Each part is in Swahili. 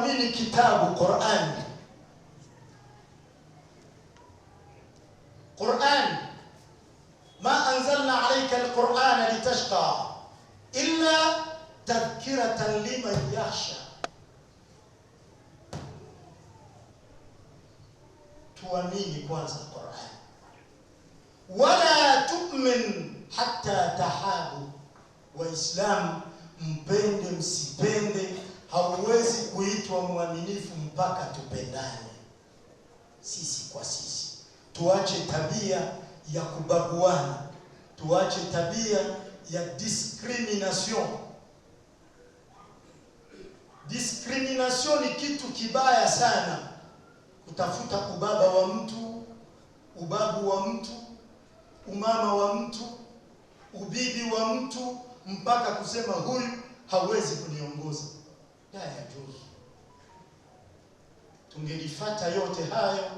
kuamini kitabu Qur'an. Qur'an, ma anzalna alayka alqur'ana litashqa illa tadhkiratan liman yakhsha. Tuamini kwanza Qur'an, wala tu'min hatta tahabu. Waislamu, mpende msipende hauwezi kuitwa mwaminifu mpaka tupendane sisi kwa sisi. Tuache tabia ya kubaguana, tuache tabia ya discrimination. Discrimination ni kitu kibaya sana, kutafuta ubaba wa mtu, ubabu wa mtu, umama wa mtu, ubibi wa mtu, mpaka kusema huyu hawezi kuniongoza yayajuzu. tungelifata yote hayo,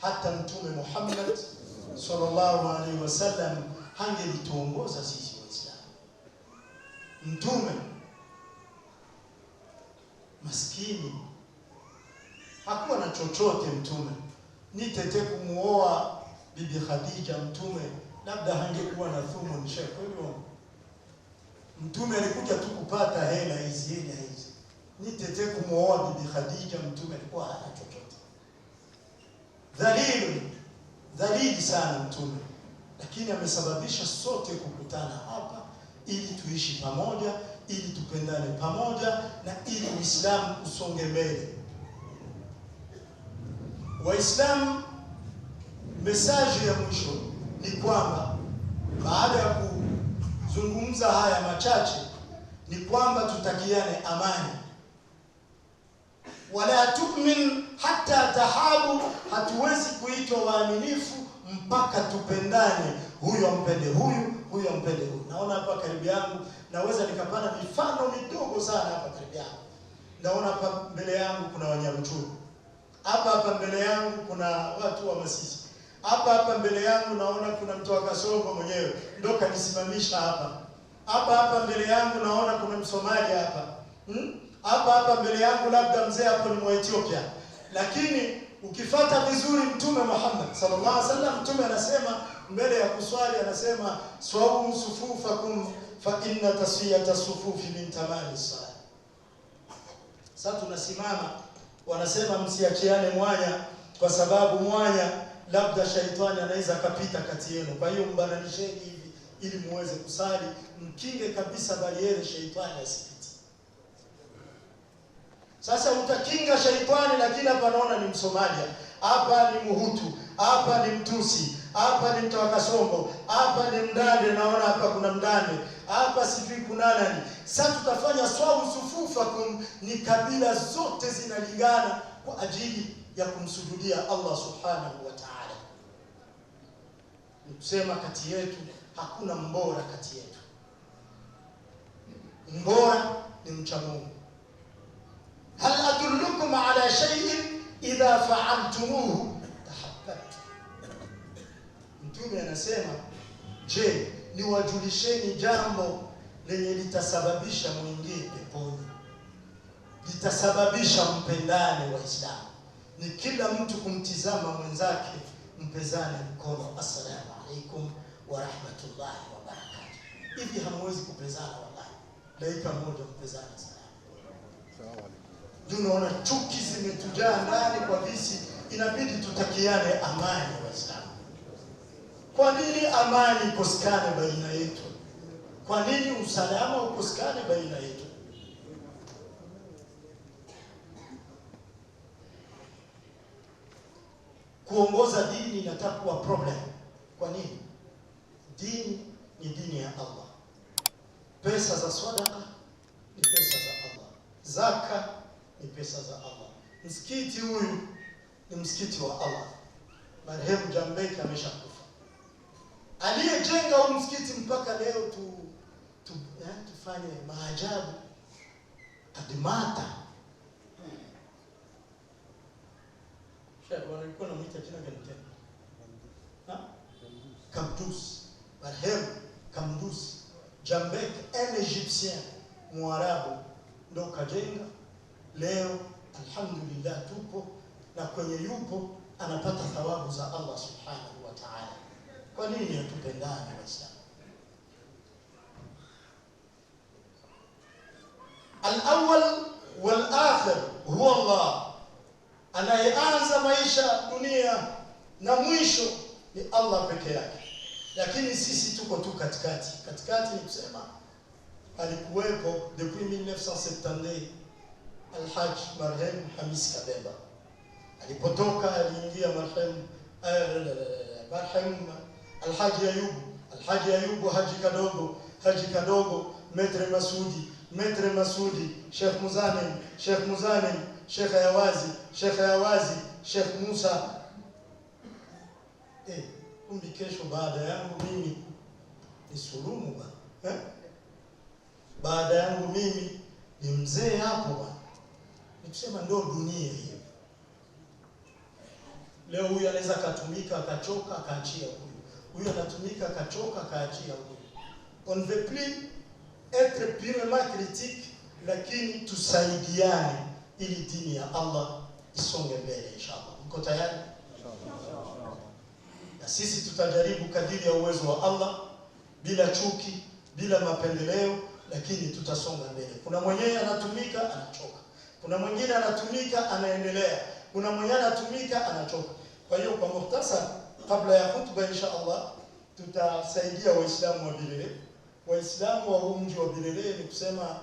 hata Mtume Muhammad sallallahu alaihi wasallam hangelituongoza sisi Waislamu. Mtume maskini hakuwa na chochote. Mtume nitete kumuoa Bibi Khadija, mtume labda hangekuwa na thumu. Nishakweli, mtume alikuja tu kupata hela hizi hela hizi ni kumwoa Bibi Khadija, mtume alikuwa hana chochote, dhalili dhalili sana mtume, lakini amesababisha sote kukutana hapa ili tuishi pamoja, ili tupendane pamoja na ili Uislamu usonge mbele. Waislamu, mesaji ya mwisho ni kwamba baada ya kuzungumza haya machache ni kwamba tutakiane amani wala tu'min hata tahabu, hatuwezi kuitwa waaminifu mpaka tupendane, huyu ampende huyu, huyu ampende huyu. Naona hapa karibu yangu naweza nikapana mifano midogo sana hapa karibu yangu. Naona hapa mbele yangu kuna Wanyamturu, hapa hapa mbele yangu kuna watu wa Masisi, hapa hapa mbele yangu naona kuna mtoa Kasongo mwenyewe ndo kanisimamisha hapa, hapa hapa mbele yangu naona kuna msomaji hapa hmm? hapa hapa mbele yangu, labda mzee hapo ni Mwethiopia, lakini ukifata vizuri Mtume Muhammad sallallahu alaihi wasallam, Mtume anasema mbele ya kuswali, anasema swawu sufufakum fa inna tasfiyata sufufi min tamani sala. Sasa tunasimama, wanasema msiachiane mwanya, kwa sababu mwanya labda shaitani anaweza akapita kati yenu. Kwa hiyo mbananisheni hivi, ili muweze kusali, mkinge kabisa bariere shaitani asi sasa utakinga shaitani, lakini hapa naona ni Msomalia, hapa ni muhutu hapa ni Mtusi, hapa ni Mtawakasongo, hapa ni Mdande, naona hapa kuna Mdande, hapa sijui kuna nani. Sasa tutafanya swau sufufa kum, ni kabila zote zinalingana kwa ajili ya kumsujudia Allah subhanahu wa ta'ala. Ni kusema kati yetu hakuna mbora, kati yetu mbora ni mcha Mungu hal adullukum ala shay'in idha fa'altumuhu tahabbatu. Mtume anasema, je, niwajulisheni jambo lenye litasababisha mwingie peponi, litasababisha mpendane. Waislamu ni kila mtu kumtizama mwenzake, mpezane mkono, assalamu alaikum wa rahmatullahi wa barakatuh. Hivi hamwezi kupezana, wallahi, dakika moja mpezane salamu Tunaona unaona chuki zimetujaa ndani kwa visi. Inabidi tutakiane amani, Waislamu. Kwa nini amani ikosekane baina yetu? Kwa nini usalama ukosekane baina yetu? Kuongoza dini inataka kuwa problem. Kwa nini? Dini ni dini ya Allah. Pesa za swadaka ni pesa za Allah, zaka ni pesa za Allah. Msikiti huyu ni msikiti wa Allah. Marehemu Jambeki ameshakufa, aliyejenga huu msikiti mpaka leo tu, tu eh, tufanye maajabu tadimata walikuwa namwita jina gani tena? Kamdusi, marehemu Kamdusi Jambeki, un Egyptien Mwarabu, ndo kajenga Leo alhamdulillah tupo na kwenye yupo anapata thawabu za Allah subhanahu wa ta'ala. Kwa nini hatupendane Waislamu? alawal walakhir huwa Allah, anayeanza maisha dunia na mwisho ni Allah peke yake, lakini sisi tuko tu katikati. Katikati ni kusema alikuwepo depuis 1970 Alhaj marehemu Hamis Kabemba. Alipotoka aliingia marehemu marehemu Alhaji Ayubu, Alhaji Ayubu, Haji Kadogo, Haji Kadogo, Metre Masudi, Metre Masudi, Sheikh Muzanim, Sheikh Muzanim, Sheikh Ayawazi, Sheikh Ayawazi, Sheikh Musa. Eh, kumbi kesho baada yangu mimi ni sulumu ba. Eh? Baada yangu mimi ni mzee hapo bwana. Nikisema ndio dunia hiyo. Leo huyu anaweza akatumika akachoka akaachia huyu, huyu anatumika akachoka akaachia huyu. On the veut plus etre purement critique, lakini tusaidiane ili dini ya Allah isonge mbele inshallah. Mko tayari? Na sisi tutajaribu kadiri ya uwezo wa Allah bila chuki, bila mapendeleo, lakini tutasonga mbele. Kuna mwenyewe anatumika anachoka kuna mwingine anatumika anaendelea, kuna mwingine anatumika anachoka. Kwa hiyo kwa muhtasari, kabla ya hutuba insha Allah tutasaidia Waislamu wa Bilele. Waislamu wa huu mji wa Bilele ni kusema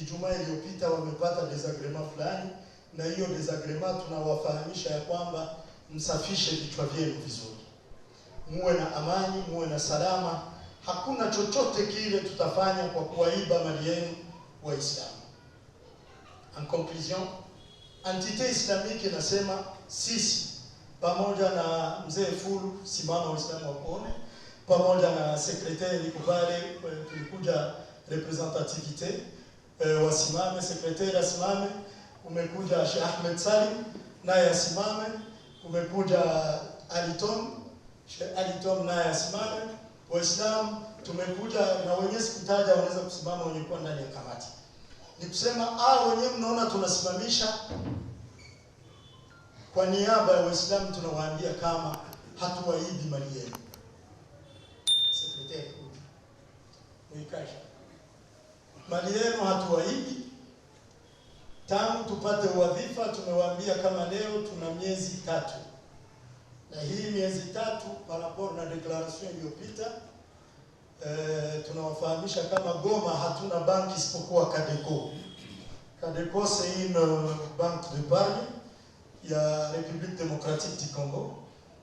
Ijumaa iliyopita wamepata desagrema fulani, na hiyo desagrema tunawafahamisha ya kwamba msafishe vichwa vyenu vizuri, muwe na amani, muwe na salama. Hakuna chochote kile tutafanya kwa kuwaiba mali yenu Waislamu. En conclusion, entité islamiki inasema sisi pamoja na mzee Fulu simama Waislamu wapone, pamoja na sekretari Kubale eh, tulikuja representativite e, eh, wasimame, sekretari asimame, umekuja Sheikh Ahmed Salim naye asimame, umekuja Alitom Sheikh Alitom naye asimame. Waislamu tumekuja na wenyewe, sikutaja wanaweza kusimama wenye kuwa ndani ya kamati ni kusema ah, wenyewe mnaona tunasimamisha kwa niaba ya Waislamu, tunawaambia kama hatuwaidi mali yenu mali yenu hatuwaidi. Tangu tupate wadhifa, tumewaambia kama leo tuna miezi tatu, na hii miezi tatu parapor na declaration iliyopita Eh, tunawafahamisha kama Goma hatuna banki isipokuwa Kadeko. Kadeko c'est une banque de pari ya Republique Democratique du Congo,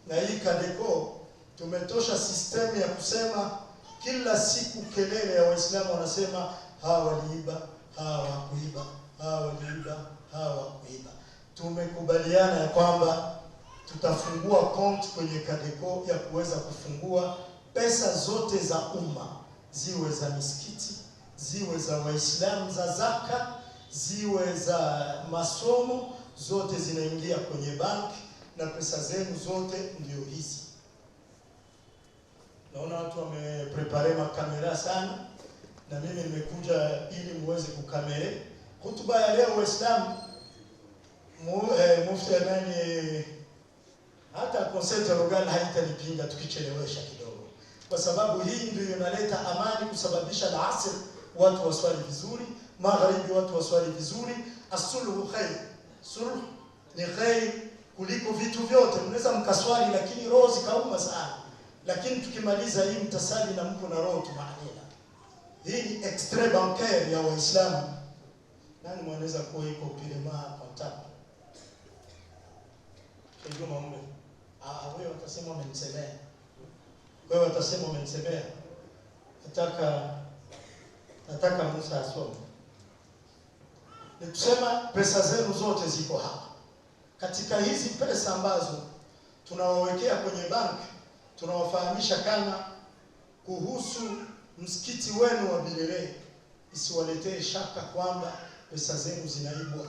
na hii Kadeko tumetosha sistemu ya kusema kila siku kelele ya Waislamu wanasema hawa waliiba, hawa wakuiba, hawa waliiba, hawa wakuiba. Tumekubaliana ya kwamba tutafungua konti kwenye Kadeko ya kuweza kufungua pesa zote za umma, ziwe za misikiti, ziwe za Waislamu, za zaka, ziwe za masomo, zote zinaingia kwenye banki, na pesa zenu zote ndio hizi. Naona watu wameprepare makamera sana, na mimi nimekuja ili muweze kukamere hotuba ya leo Waislamu. Eh, mufti nani hata konseta Rogan haitanipinga tukichelewesha kwa sababu hii ndio inaleta amani, kusababisha alasr watu waswali vizuri, magharibi watu waswali vizuri. Asulhu khair, sulh ni khair kuliko vitu vyote. Mnaweza mkaswali lakini roho zikauma sana, lakini tukimaliza hii mtasali na mko na roho tumaanina. Hii ni extra bancaire ya Waislamu. Nani mwanaweza kuwa iko pile maa kwa mtapa kijuma ule, ah, wewe utasema umenisemea wewe utasema umenisemea. Nataka nataka Musa asome. Ni kusema pesa zenu zote ziko hapa. Katika hizi pesa ambazo tunawawekea kwenye bank tunawafahamisha kana kuhusu msikiti wenu wa Bilele, isiwaletee shaka kwamba pesa zenu zinaibwa.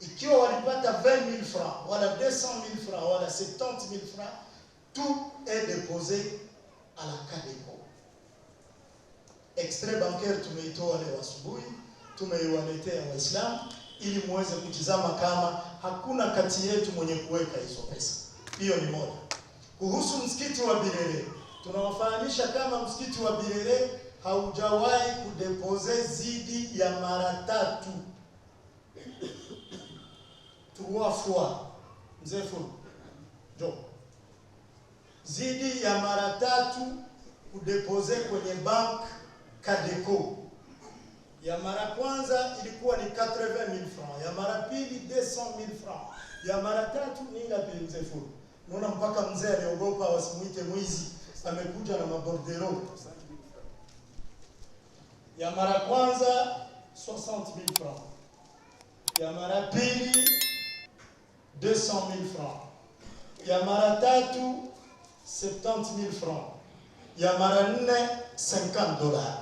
Ikiwa walipata 20000 francs wala 200000 francs wala 70000 francs Tout est déposé à la CADECO. Extrait bancaire tumeitoa leo asubuhi, tumeiwaletea Waislamu ili muweze kutizama kama hakuna kati yetu mwenye kuweka hizo pesa. Hiyo ni moja. Kuhusu msikiti wa Bilele, tunawafahamisha kama mskiti wa birere haujawahi kudepoze zidi ya mara tatu tuwafua mzee Fulu jo Zidi, il y a Maratatou pour déposer pour les banques Kadeco. Il y a Maratou, il coûte 80 000 francs. Il y a Marapili, 200 000 francs. Il y a Maratou, il a pas de Nous n'avons pas comme ça, il n'y a pas de Ça me coûte, je n'ai pas abordé Il y a 60 000 francs. Il y a Marapili, 200 000 francs. Il y a Maratatu, 70 000 francs ya mara nne 50 dollars.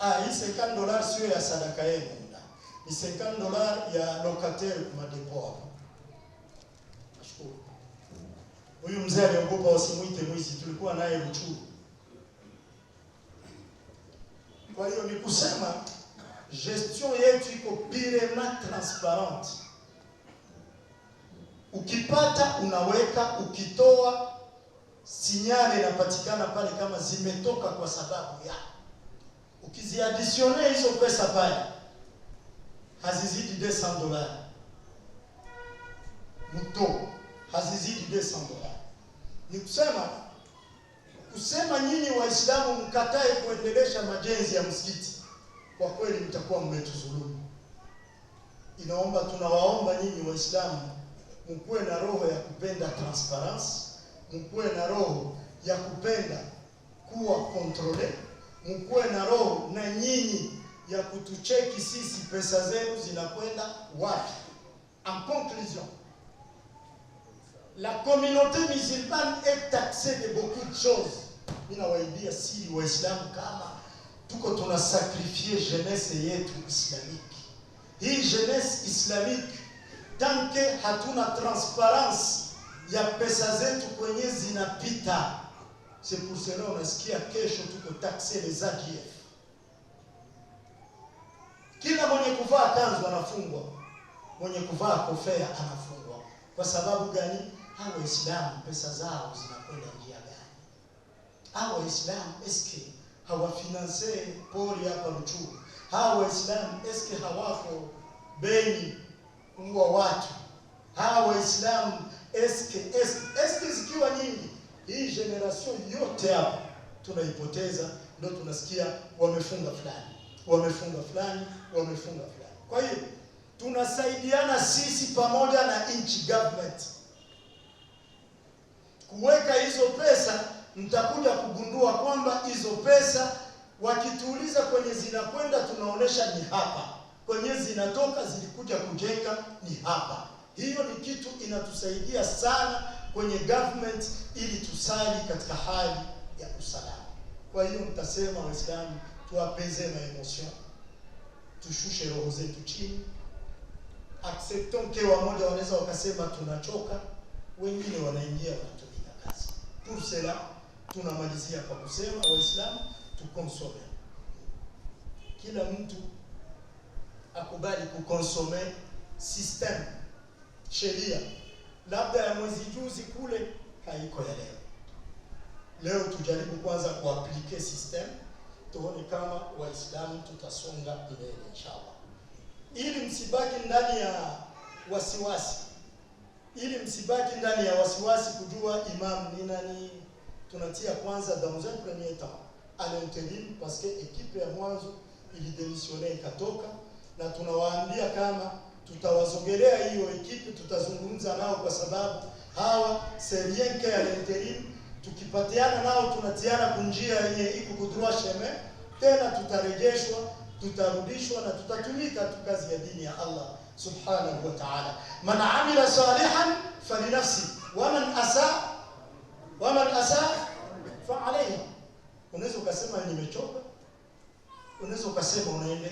Ah, hii 50 dollars sio ya sadaka yenu, ni 50 dollars ya locataire kwa depo. Nashukuru huyu mzee aliogopa wasimwite mwizi, tulikuwa naye Ruchuru. Kwa hiyo ni kusema gestion yetu iko pirema transparente. Ukipata unaweka, ukitoa sinyale inapatikana pale kama zimetoka kwa sababu ya. ukiziadisione hizo pesa pale hazizidi 200 dollars, mto hazizidi 200 dollars. Ni kusema kusema nyinyi Waislamu mkatae kuendelesha majenzi ya msikiti, kwa kweli mtakuwa mmetuzulumu. Inaomba tunawaomba nyinyi Waislamu mkuwe na roho ya kupenda transparency mkuwe na roho ya kupenda kuwa kontrole, mkuwe na roho na nyinyi ya kutucheki sisi pesa zenu zinakwenda wapi. En conclusion, la communauté musulmane est taxée de beaucoup de choses. Mimi tout si Waislamu kama tuko tunasakrifie jeunesse et yetu islamique. hii jeunesse islamique, tant que hatuna transparence, ya pesa zetu kwenye zinapita. C'est pour cela unasikia kesho tuko taxer les ADF. Kila mwenye kuvaa kanzu anafungwa, mwenye kuvaa kofia anafungwa. Kwa sababu gani? Hao Waislamu pesa zao zinakwenda njia gani? Hao Waislamu eske hawafinanse pori hapa Ruchuru? Hao Waislamu eske hawako Beni mbwa watu? Hao Waislamu eske eske eske zikiwa nyingi, hii generation yote hapa tunaipoteza. Ndio tunasikia wamefunga fulani, wamefunga fulani, wamefunga fulani. Kwa hiyo tunasaidiana sisi pamoja na nchi government kuweka hizo pesa. Mtakuja kugundua kwamba hizo pesa wakituuliza kwenye zinakwenda, tunaonesha ni hapa, kwenye zinatoka zilikuja kujenga ni hapa. Hiyo ni kitu inatusaidia sana kwenye government ili tusali katika hali ya usalama. Kwa hiyo mtasema Waislamu, tuapeze na emotion, tushushe roho zetu chini, acceptons que wamoja wanaweza wakasema tunachoka, wengine wanaingia wanatupiga kazi. Pour cela tunamalizia kwa kusema Waislamu tukonsome, kila mtu akubali kukonsome system sheria labda ya mwezi juzi kule haiko ya leo. Leo tujaribu kwanza kuaplike system, tuone kama Waislamu tutasonga mbele inshallah, ili msibaki ndani ya wasiwasi, ili msibaki ndani ya wasiwasi kujua imam ni nani. Tunatia kwanza dans un premier temps à l'intérim parce que ekipe ya mwanzo ilidemissione ikatoka, na tunawaambia kama tutawasogelea hiyo ekipi, tutazungumza nao kwa sababu hawa serienke ya interim, tukipatiana nao tunatiana kunjia yenye iko kudroa sheme tena, tutarejeshwa tutarudishwa na tutatumika tu kazi ya dini ya Allah subhanahu wa ta'ala. Man amila salihan falinafsi wa man asa wa man asa fa alayhi. Unaweza ukasema nimechoka, unaweza ukasema unaende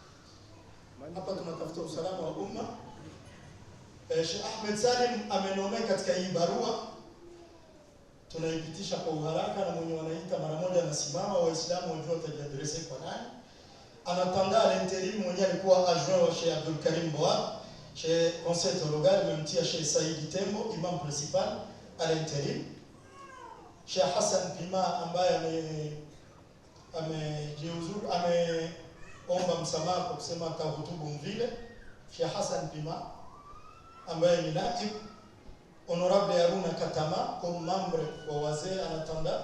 Hapa tunatafuta usalama wa umma. Eh, Sheikh Ahmed Salim amenomea katika hii barua, tunaipitisha kwa uharaka, na mwenye wanaita mara moja anasimama, Waislamu wajua watajiadrese kwa nani. Anatangaza l'interim mwenye alikuwa adjoint wa Sheikh Abdul Karim Boa, Sheikh Conseil Torogal amemtia Sheikh Said Tembo imam principal à l'interim. Sheikh Hassan Pima ambaye ame amejiuzuru ame omba msamaha kwa kusema kahutubu Mvile Sheikh Hassan Pima ambaye ni naib honorable Haruna Katama kwa mambre wa wazee anatanda,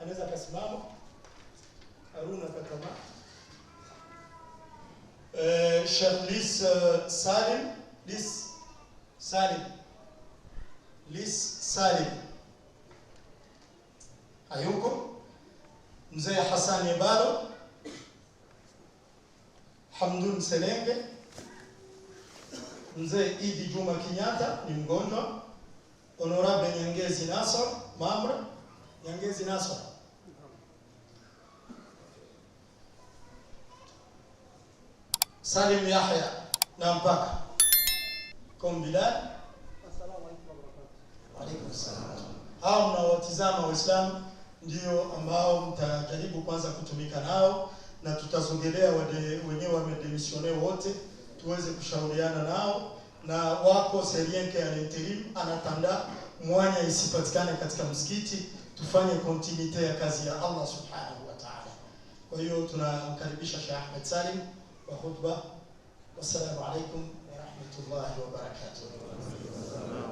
anaweza kasimama Haruna Katama. eh Sheikh Lis eh, Salim Lis Salim Lis Salim hayuko. Mzee Hassan Ibalo Hamdun Selenge, mzee Idi Juma kinyata ni mgonjwa, Honorable Nyangezi Naso Mamra, Nyangezi Naso Salim Yahya na mpaka Kombilani. Assalamu alaykum warahmatullahi. Hao mnaowatizama Waislamu ndio ambao mtajaribu kwanza kutumika nao na tutasogelea wenyewe wamedemisione wote tuweze kushauriana nao, na wako serienke ya interim anatanda mwanya isipatikane katika msikiti, tufanye continuity ya kazi ya Allah subhanahu wa ta'ala. Kwa hiyo tunamkaribisha Sheikh Ahmed Salim kwa khutba. Wassalamu alaikum warahmatullahi wabarakatuh.